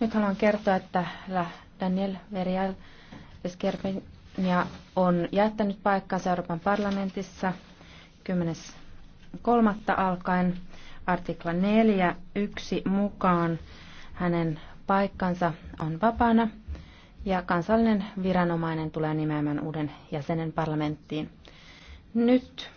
Nyt haluan kertoa, että Daniel Verial Eskerpenia on jättänyt paikkansa Euroopan parlamentissa 10.3. alkaen artikla 4.1 mukaan hänen paikkansa on vapaana ja kansallinen viranomainen tulee nimeämään uuden jäsenen parlamenttiin. Nyt